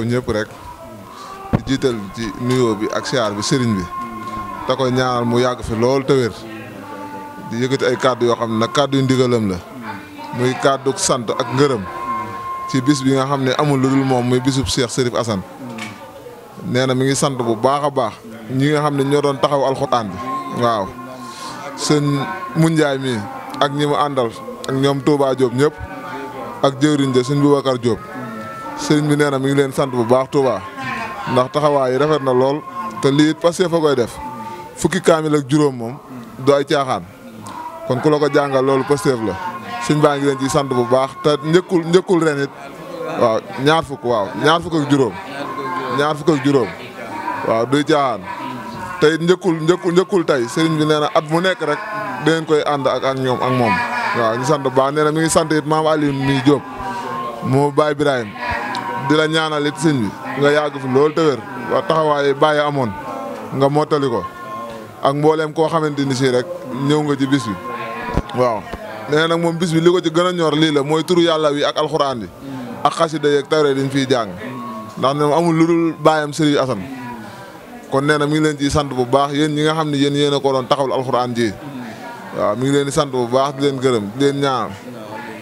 teew ñëpp rek di jiital ci nuyo bi ak bi serigne bi tako koy mu yag fi lol te wer di yëkëti ay cadeau yo xam cadeau ndigalam la muy cadeau sante ak ngeureum ci bis bi nga xamne ne amul lul mom muy bisub Cheikh Serif Assane neena mi ngi sante bu baaxa a baax ñi nga xamne ne doon taxaw alquran bi waaw seen Moundiaye mi ak ñi mu ak ñom Touba job ak de seigne Boubacar job sëriñ bi nee na mi ngi leen sant bu baax Touba ndax taxawaay yi rafet na lool te lii it passé koy def fukki kaamil ak juróom moom du ay caaxaan kon ku ko jàngal loolu Pastef la suñ baa ngi leen ci sant bu baax te njëkkul njëkkul ren it waaw ñaar fukk waaw ñaar fukk ak juróom ñaar fukk ak juróom waaw duy caaxaan te it njëkkul njëkkul njëkkul tey sëriñ bi nee na at mu nekk rek dangeen koy ànd ak ak ñoom ak moom waaw ñu sant bu baax nee mi ngi sant it maam Alioune mi Diop moo baa Ibrahima di la ñaanal it sëñ bi nga yàgg fi loolu te wér wax taxawaay bàyyi amoon nga mottali ko ak mbooleem koo xamante ni si rek ñëw nga ci bis bi waaw nee nag moom bis bi li ko ci gën a ñor lii la mooy turu yàlla wi ak alxuraan bi ak xasida yeeg tawre diñ fiy jàng ndax ne amul lu dul baayam Sëriñ Asan kon nee na mi ngi leen ciy sant bu baax yéen ñi nga xam ne yéen yéen a ko doon taxawul alxuraan ji waaw mi ngi leen di sant bu baax di leen gërëm di leen ñaanal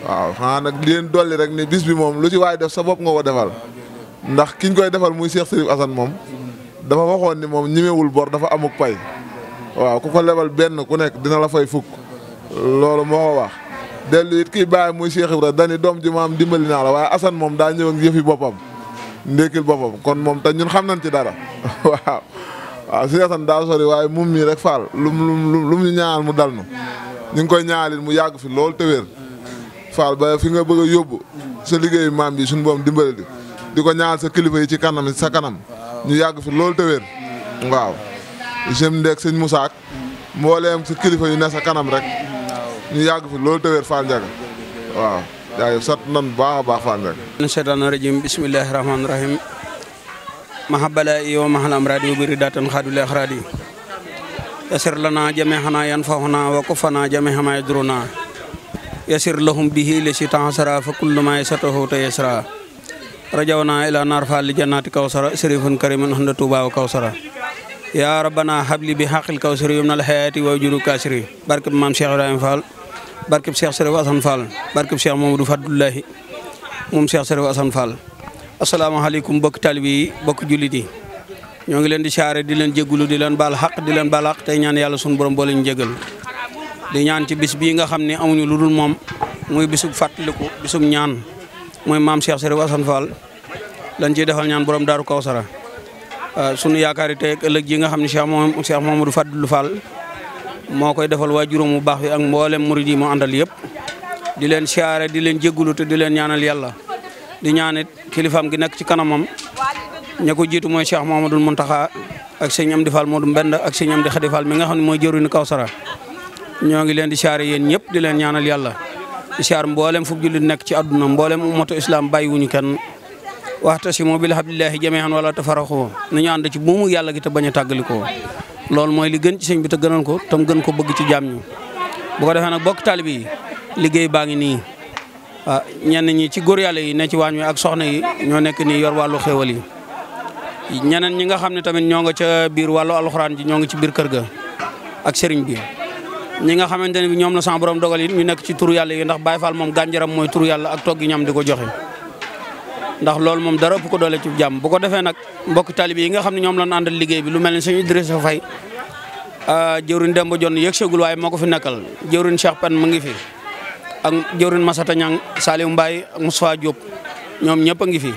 waaw xanaa nag di leen dolli rek ne bis bi moom lu ci waay def sa bopp nga ko defal ndax kiñ koy defal muy Cheikh Sérif Assane moom dafa waxoon ni moom ñemewul bor dafa amuk pay waaw ku ko lebal benn ku nekk dina la fay fukk loolu moo ko wax dellu it kiy bàyyi muy Cheikh Ibra dani doom ji maam dimbali naa la waaye Assane moom daa ñëw ak yëfi boppam ndékkil boppam kon moom te ñun xam nañ ci dara waaw waaw Cheikh Assane daa sori waaye mum mii rek faal lum lum lum ñu ñaanal dal ñu ngi koy ñaanal mu yàgg fi loolu te Fall ba fi nga bëgg a yóbbu sa liggéey maam bi suñu boom dimbale di di ko ñaanal sa kilifa yi ci kanam sa kanam ñu yàgg fi loolu te wér waaw jëm ndeeg sëñ Moussa mbooleem sa kilifa yu ne sa kanam rek ñu yàgg fi loolu te wér Fall Ndiaga waaw jaajëf sant nan baax a baax Fall Ndiaga min sheytaani rajim bismillahi rahmaani rahim mahabala iyo mahalam radio biri daatan xaadule axraadi yasir lana jame xana yan fa xana wa ko fana jame xama yadruna yasir lahum bihi li sitansara fa kullu ma yasatuhu tayasra rajawna ila narfa li jannati kawsar sharifun karimun hunda tuba wa kawsar ya rabbana habli bi haqqil kawsar yumna al hayati wa juru kasri barik mam cheikh ibrahim fall barik cheikh sharif hasan fall barik cheikh mamadou fadullah mom cheikh sharif hasan fall assalamu alaikum bok talibi bok juliti len di xare di len jéggulu di len bal haq di len balax tay ñaan yalla sun borom bo len jéggal di ñaan ci bis bi nga xamni amuñu lu mom moom muy bisub fatlikou bisub ñaan muy mam Cheikh Serigne Assane Fall lañ ci defal ñaan borom daru Kawsara ah, sunu yaakaari te ak ëlëk yi nga xamni Cheikh moom Cheikh Mamadou Fadlu Fall mo koy defal waa bu baax ak mboolem mouride mo mu yépp di leen siyaare di leen jéggulu te di leen ñaanal yalla di ñaanit kilifam gi nekk ci kanamam ñako jitu moy Cheikh Mamadou Muntaxa ak sëñ Amdi Fall Modou Mbend ak sëñ Amdi Xadi Fall mi nga xamni moy jëruñu Kawsara ñoo ngi di siyaare yeen di leen ñaanal yalla di siyaar mboolem fu jullit nek ci aduna mboolem ummatu islam bayuni kenn waxtasimu bil mobil jami'an wala tafarraqu nañu ànd ci buumu yalla gi te baña tagaliko lool moy li gën ci señ bi te gënal ko tam gën ko bëgg ci jamm ñu bu ko defé nak bokk talibi liggey baangi ni ah, ñen ñi ci góor yalla yi ne ci wañu ak soxna yi ño nek ni yor walu xéewal yi ñi nga xam tamit ño nga ci biir walu alcorane ji ño nga ci biir kër ga ak serigne bi ñi nga xamanteni ñom la sama borom dogal yi ñu nek ci turu yalla yi ndax Baye Fall moom gànjaram mooy turu yalla ak togg ñam diko joxe ndax lool mom dara bu ko dole ci jàmm bu ko defé nak mbokk talib yi nga xamni ñom la lañ liggey bi lu melni señu Idrissa fay euh ah, Demba Jon yëgsegul waaye way moko fi nekkal jëwriñ Cheikh Pen mu ngi fi ak Masata Ñang salim ak mustafa Diop ñom ñepp ngi fi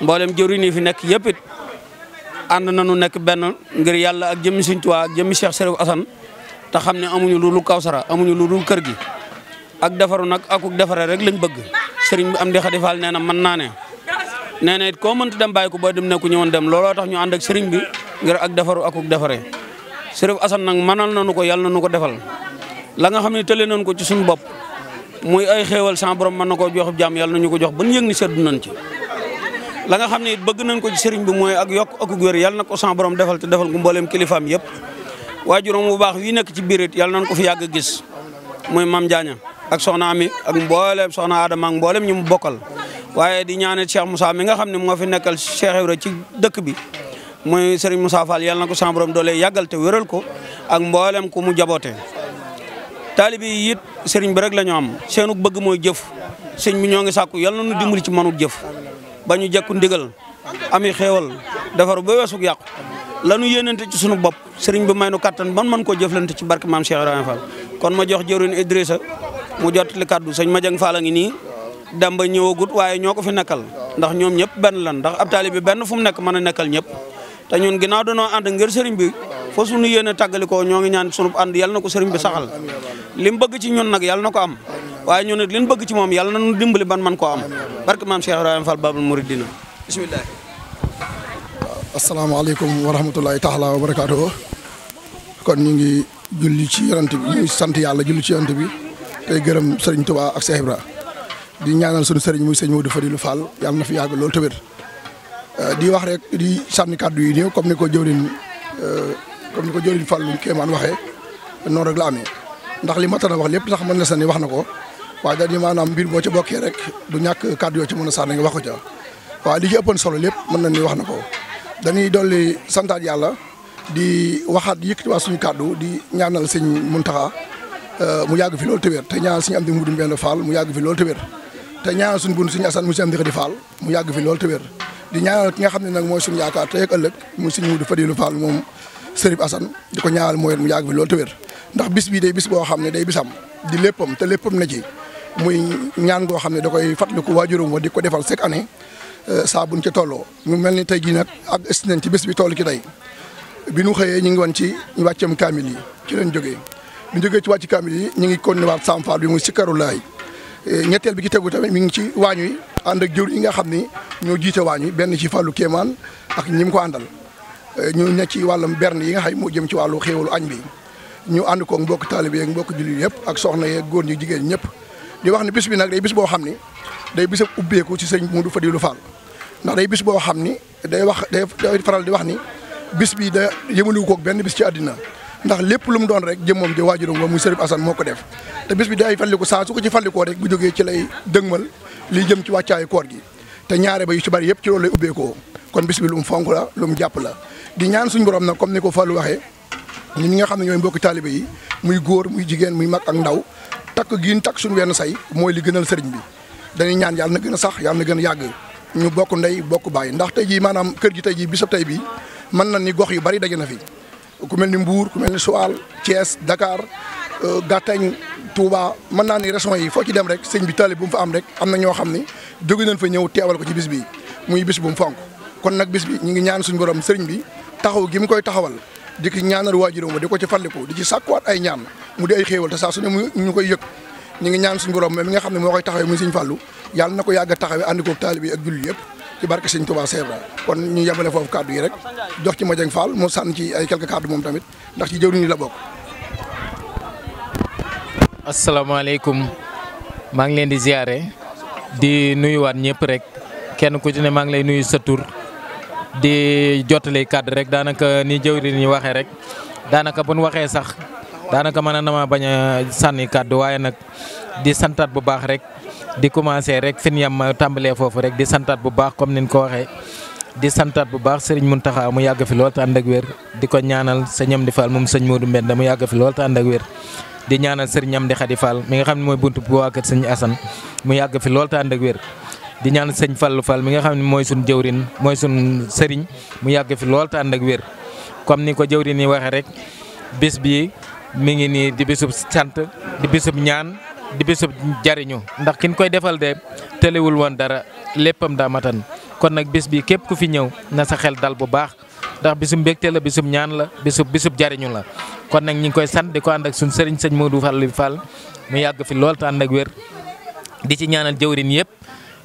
mboolem jëwriñ yi fi nek it nañu nek ben ngir yalla ak tuwa ak Cheikh Assane ta xamne ne amuñu lu dul Kawsara amuñu lu dul kër gi ak defaru nak akuk dafara rek lañ bëgg sëriñ bi am di xadifal neena man na mën ne it koo mënta dem bàyyi ko dem ne ku dem looloo tax ñu and ak sëriñ bi ngir ak defaru akuk defare sëriñ Asan nak manal nañu ko yàlla nañu ko defal la nga xamne ne tële nañu ko ci suñu bop muy ay xéewal sans borom man nako jox jàmm yàlla nañu ko jox buñu yëg ni nañ ci la nga xamne bëgg nañ ko ci sëriñ bi moy ak yok akuk wér yal na ko sans borom defal te defal ko mbooleem kilifam yépp waa waajuram bu baax wii nekk ci biir it yàlla nañ ko fi yàgg gis muy mam Diagne ak soxna ami ak mboolem soxna Adama ak mboolem ñi mu bokkal waaye di ñaanal Cheikh Moussa mi nga xam ne moo fi nekkal Cheikh rek ci dëkk bi muy Serigne Moussa Fall yal na ko sàmbaram doole yàggal te wéral ko ak mboolem ku mu jaboote taalibi yi it sëriñ bi rek la am seenu bëgg mooy jëf sëñ bi ñoo ngi sàkku yàlla na nu dimbali ci manug jëf bañu ñu jekku ndigal ami xéewal defar lañu yënënte ci suñu bop sëriñ bi maynu katan ban man ko jëflante ci barke mam Cheikh ibrahim Fall kon ma jox jëwriñ Idrissa mu li kaddu sëñ Madiang Fall a ni nii Demba ñëwagut waaye ñoo fi nekkal ndax ñom ñëpp ben lan ndax ab talib bi ben fu mu nekk mëna nekkal ñëpp té ñun ginaaw dañu and ngir sëriñ bi fo suñu yëne tagaliko ñoo ngi ñaan suñu and yalla nako sëriñ bi saxal lim bëgg ci ñun nak yalla nako am waye ñun nit li bëgg ci mom yalla nañu dimbali ban man ko am barke mam Cheikh ibrahim Fall Babul Mouridina bismillah Assalamualaikum warahmatullahi taala wabarakatuh. kon ñu ngi julli ci yarante bi ñu ngi sant yàlla julli ci yarante bi tay gërëm Serigne Touba ak Cheikh Ibra di ñaanal suñu Serigne muy serigne Modou Fadilou Fall yalla na fi yag lool tamit euh, di wax rek di sanni kaddu yi ñew comme niko ko jëwriñ euh, comme ni ko jëwriñ Fallou Kéemaan waxee non rek la amé ndax li matana wax lepp sax man la sanni wax nako wa waaye dañu manam bir bo ci bokké rek du ñak kaddu yo ci mëna a nga wax ko ca li ci ëppoon solo lepp mën na ni wax nako dañuy dolli santaat yàlla di waxaat yëkkatiwaat suñu kàddu di ñaanal sëñ Muntaxa euh, mu yàgg fi loolu te wér te ñaanal suñu di mudum benn faal mu yàgg fi loolu te wér te ñaanal suñu bun suñu asan mu si am di faal mu yàgg fi loolu te wér di ñaanal ki nga xam ne nag mooy suñu yaakaar tey ak ëllëg mu suñu mudu fadilu faal moom sërib asan di ko ñaanal mooy mu yàgg fi loolu te wér ndax bis bii day bis boo xam ne day bisam di léppam te léppam na ci muy ñaan goo xam ne da koy fàttaliku waajuram wa di ko defal chaque année Euh, saa buñ ca tolloo ñu mel ni tey jii nag ak si nañ ci bis bi toll ci tey bi ñu xëyee ñu ngi woon ci wàccam kaamil yi ci leen jógee ñu jógee ci wàcc kaamil yi ñu ngi continué waat samfaal bi muy sikkaru laay euh, bi ci tegu tamit mi ngi ci waañ wi ànd ak jëwriñ yi nga xam ni ñoo jiite waañ wi benn ci fàllu kéemaan ak ñi ko àndal euh, ñu ne ci wàllum yi nga xam moo jëm ci wàllu xéewalu añ bi ñu ànd koog mbokk taalibe yeeg mbokk jullit yëpp ak soxna yeeg góor ñi jigéen ñëpp di wax ne bis bi nag day bis boo xam ni day bis ubbeeku ci sëñ fa Fadilou Fall ndax day bis boo xam ni day wax day faral di wax ni bis bi da yëmaliwu koog benn bis ci àddina ndax lépp lu mu doon rek jëm moom di waajuram wa muy Serigne Assane moo ko def te bis bi day fàlliku saa su ko ci fàllikoo bu jógee ci lay dëgmal li jëm ci wàccaayu koor gi te ñaare ba ci bari yëpp ci loolu lay kon bis lu mu fonk la lu mu jàpp la di ñaan suñu borom nag comme ni ko Fallou waxee ñi nga xam ne ñooy mbokki taalibe yi muy góor muy jigéen muy mag ak ndaw takk giin takk suñu wenn say mooy li gënal sëriñ bi dañuy ñaan yàlla na gën a sax yàlla na gën a yàgg ñu bokk ndey bokk baye ndax tay ji manam kër gi tay ji bisab tay bi man na ni gox yu bari daje na fi ku melni Mbour ku melni Soal Thiès Dakar euh, gatagne Touba mana na ni régions yi fo ci dem rek sëñ bi talib bu mu fa am rek am na ñoo xam ni jóge nañ fa ñew téwal ko ci bis bi muy bis bu mu fonk kon nak bis bi ñi ngi ñaan suñu borom bi taxaw gi mu koy taxawal di ko ñaanal wajiruma di ci di ci ay ñaan mu di ay xewal ta sa suñu ñukoy yek ñu ngi ñaan suñu borom mi nga xam ne moo koy taxawee muy Sëñ Fallu yàlla na ko yàgg a taxawee ànd koog taalibe yi ak jullit yëpp ci barke Sëñ Touba Sèvres kon ñu yemale foofu kàddu yi rek jox ci Madieng Fall mu sànn ci ay quelques kàddu moom tamit ndax ci jëwriñ la bokk. asalaamaaleykum maa ngi leen di ziare di nuyuwaat ñëpp rek kenn ku ci ne maa ngi lay nuyu sa tur di jottali kàddu rek daanaka ni jëwriñ ñi waxee rek daanaka bu nu waxee sax. danaka mën na ma a sànni kàddu waaye nag di santat bu baax rek di commencer rek fin yam yem fofu rek di santat bu baax comme niñ ko waxee. di santat bu baax Serigne muntaha mu yàgg ya fi lol tan ak wér di ñaanal señam di fal mum señ Modou mbend mu yàgg ya fi lol tan ak di ñaanal Serigne di Xadi mi nga xamni moy buntu bu waa kër sëñ Assane mu yàgg ya fi lol tan ak di ñaan señ fallu fal, mi nga xamni moy sun suñ moy sun Serigne mu yàgg fi lol tan ak comme ni ko jëwrin yi rek bis bi mi ngi ni di bisub sant di bisub ñaan di bisub jariñu ndax kin koy defal de telewul won dara leppam da matan kon nak bis bi kep ku fi ñew na sa xel dal bu baax ndax bisub mbekté la bisub ñaan la bisub bisub jariñu la kon nak ñi ngi koy sante di and ak sun serigne serigne Modou Fall Fall mu yag fi lol tan nak di ci ñaanal jëwrin yëpp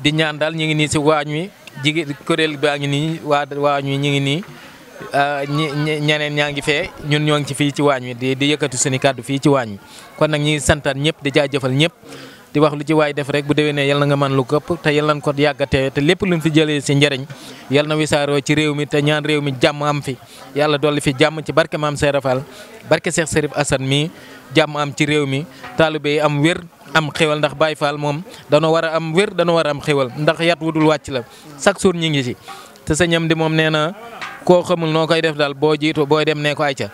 di ñaan dal ñi ngi ni ci wañu jigi kurel kuréel ngi ngi ni Euh, ñeneen ñaa ngi fee ñun ñoo ngi ci fii ci waañ wi di di yëkkati suñu kàddu fii ci waañ wi kon nag ñi santaat ñëpp di jaajëfal ñëpp di wax lu ci waay def rek bu déwénee yal na nga man lu këpp te yal nañ ko yàggatee te lépp luñ fi jëlee si njëriñ yal na wisaaroo ci réew mi te ñaan réew mi jàmm am fi yàlla dolli fi jàmm ci barke maam Seera Fall barke Cheikh Serif Assane mi jàmm am ci réew mi taalibe yi am wér am xéwal ndax Baye faal moom danoo war a am wér danoo war a am xéwal ndax yat wudul wàcc la koo xamul noo koy def daal boo jiitu booy dem nee ko ay ca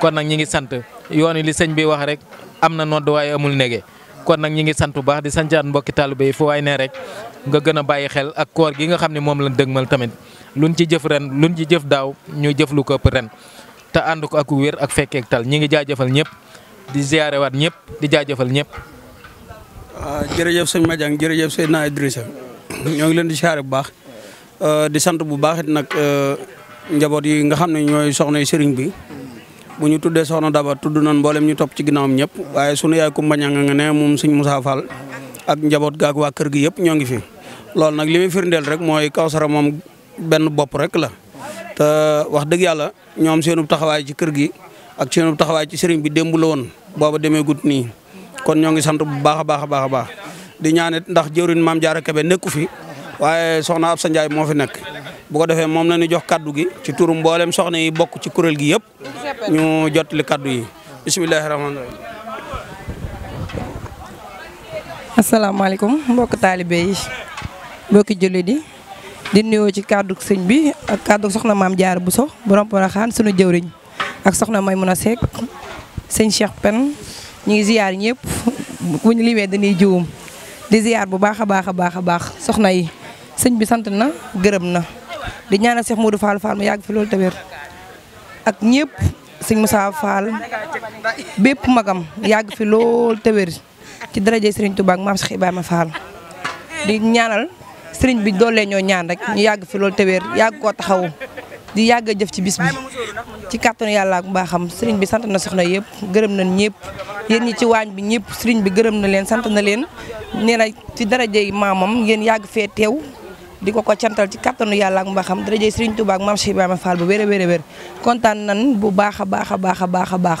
kon nag ñi ngi sant yoon wi li sëñ bi wax rek am na nodd waaye amul nege kon nag ñi ngi sant bu baax di santaat mbokki taalibe yi fu waay ne rek nga gën a bàyyi xel ak koor gi nga xam ne moom lañ dëgmal tamit luñ ci jëf ren luñ ci jëf daaw ñu jëf lu ko te ànd ko ak wér ak fekkeek tal ñi ngi jaajëfal ñëpp ñëpp di jaajëfal ñëpp. waaw ah, di siyaare bu baax euh, di sant bu baax nag euh, njabot yi nga xamne ñoy soxna serigne bi bu ñu tuddee soxna Daba tuddu nañ bolem ñu top ci ginaam ñep waye suñu yaay ku Ñanga nga ne moom serigne Moussa Fall ak njabot gaak wa kër gi yep ñongi fi lool nak limi firndel rek moy Kawsara mom benn bop rek la te wax deug yalla ñom seenu taxaway ci kër gi ak seenu taxaway ci serigne bi dembu la won booba démé gut ni kon ñongi sant bu baaxa baaxa baaxa baax di ñaanit ndax jëwriñ mam Jaara Kebe nekku fi waaye soxna Absa Njaay mo fi nek bu ko defee moom la jox kaddu gi ci turu mboolem soxna yi bokk ci kuréel gi yëpp ñu jot li kaddu yi bisimilahi rahmaani rahim asalaamaaleykum mbokk taalibe yi mbokki jullit yi di nuyoo ci kàddu sëñ bi ak kàddu soxna maam jaar Bousso borom Porokhane sunu jëwriñ ak soxna Maymuna Seck sëñ Cheikh Pen ñu ngi ziyaar ñëpp bu ñu dañuy jiwum di ziyaar bu baax a baax a baax a baax soxna yi sëñ bi sant na gërëm na di ñaanal Cheikh Modou Fall Fall mu yag fi loolu tawer ak ñepp seigne Moussa Fall bepp magam yag fi lool tawer ci daraaje seigne Touba ak Maam Cheikh Fall di ñaanal seigne bi dole ñoo ñaan rek ñu yag fi loolu tawer yag ko taxaw di yàgg a jëf ci bis bi ci carton yalla ak mbaaxam seigne bi sant na soxna yëpp gërëm na ñepp yeen ñi ci wañ bi ñepp seigne bi gërëm na leen sant na leen neena ci daraaje mamam yeen yag fe tew di ko ko cantal ci kattanu yàlla ak mbaxam daraje Serigne Touba ak Mame Cheikh Ibrahima wér a wér a wér kontaan nan bu baax a baax a baax a baax a baax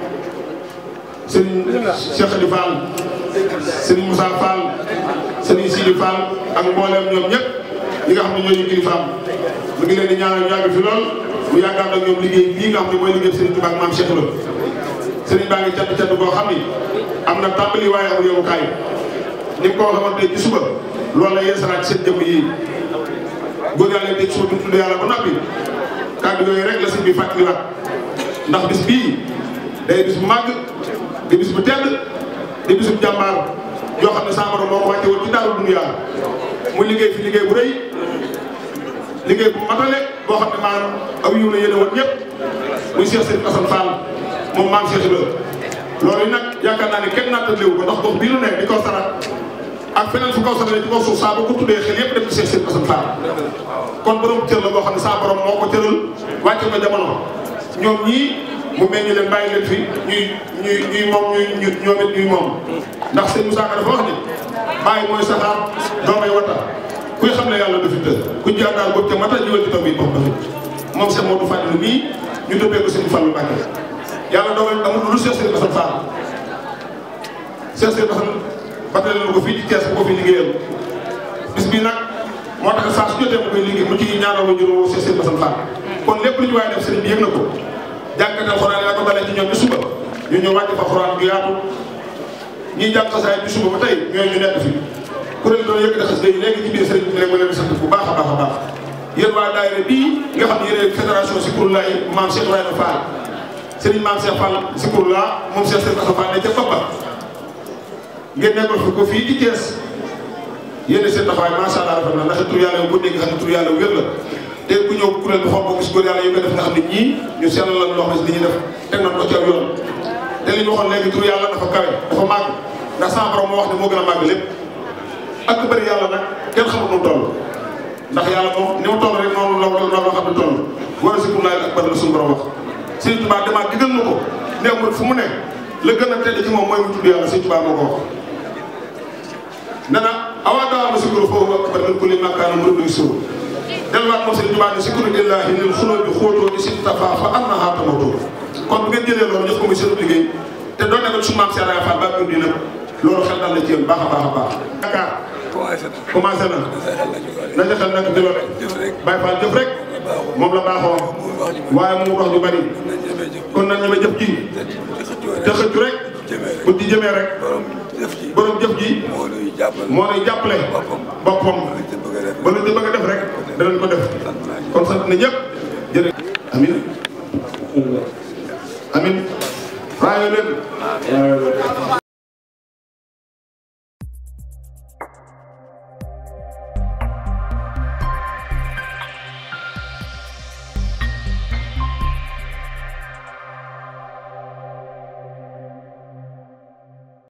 sëriñ Cheikh di Fall sëriñ Moussa Fall sëriñ Sidi Fall ak mbooleem ñoom ñëpp ñi nga xam ne ñooñu kilifaam mu ngi leen di ñaanal ñu yàgg fi lool mu yàggaat ak ñoom liggéey bii nga xam ne mooy liggéey sëriñ Tuubaa ak maam Cheikh la sëriñ baa ngi cadd xam ni am na tàmbali waaye am yomukaay ni mu ko waxee woon tey ci suba loolu la yeesalaat seen jëmm yi góor yàlla leen teg suba du tudd yàlla ba noppi kàddu yooyu rek la ndax bis bii day bis bu màgg di bis bu tedd di bis bu jàmbaar yoo xam ne saamaro moo ko wàcce woon ci daaru dunya mu liggéey fi liggéey bu rëy liggéey bu matale boo xam ne maanaam aw yiw la yéene woon ñëpp muy Cheikh Serigne Assane maam Cheikh Ibra loolu nag yaakaar naa ne kenn nattaléwu ko ndax gox bii lu ne di kaw sara ak feneen fu kaw sara ci kaw suuf saa ba ko tuddee xel yëpp dem ci Cheikh Serigne Assane Fall kon borom cër la boo xam ne saa borom moo ko cëral wàcce ko jamono ñoom ñii mu mel ni leen bàyyi leen fi ñuy ñuy ñuy moom ñuy ñu ñoom it ñuy moom ndax sëñ Moussa dafa wax ni bàyyi mooy saxaar doomay wata kuy xam ne yàlla dafi të ku jaandaal boobu te mata ñëwal ci doom yi bopp moom seen Modou Fadilou mii yàlla dogal amul lu Cheikh Sëriñ Assane Fall Cheikh Sëriñ ko fii ci Thiès ma juróom Cheikh kon lépp lu waaye def sëriñ bi na ko jànkatal xuraan laa ko balee ci ñoom bi suba ñu ñëw wàcc fa xuraan bu yaatu ñiy jàng xasaay bi suba ba tey ñooy ñu nekk fi kuréel doon yëkkati xas day léegi ci biir sëriñ bi rek ma leen sant bu baax a baax a baax maam Cheikh Ibrahima Fall sëriñ maam moom Cheikh Sëriñ Assa Fall ne ca Papa ngeen nekkal fi ko fii ci Thiès yéen seen taxawaay macha allah rafet na ndax tur yàlla bu dégg xam ne tur yàlla wér la ñëw kuréel bu xaw boo gis góor yàlla yu koy def nga xam ne ñii ñu seetlu lan loo xam ne li ñuy def ndax sa moo wax ne moo gën a màgg lépp ak bëri yàlla nag kenn xamul mu toll ndax yàlla moom ni mu toll rek noonu la noonu la a ak bëri ko ne fu mu ne la gën a tedd ko wax nee na delluwaat ko sëñ Tuubaa ne sécurité laahi lil xulóo bi xóotoo bi si tafaa fa am na xaatamatoo kon bu jëlee loolu jox ko muy seen liggéey te doon na ko ci maam Serigne Fall ba dina loolu xel dal a a baax. na na nga xel nag jëloon rek Baye Fall jëf rek moom la baaxoo waaye mu wax ju bari kon nañ ñeme jëf ji te xëccu rek bu ci jëmee rek borom jëf ji moo lay jàppale boppam ba lu ci bëgg a def rek. danañ ko def kon sant na ñëpp jërëjëf amin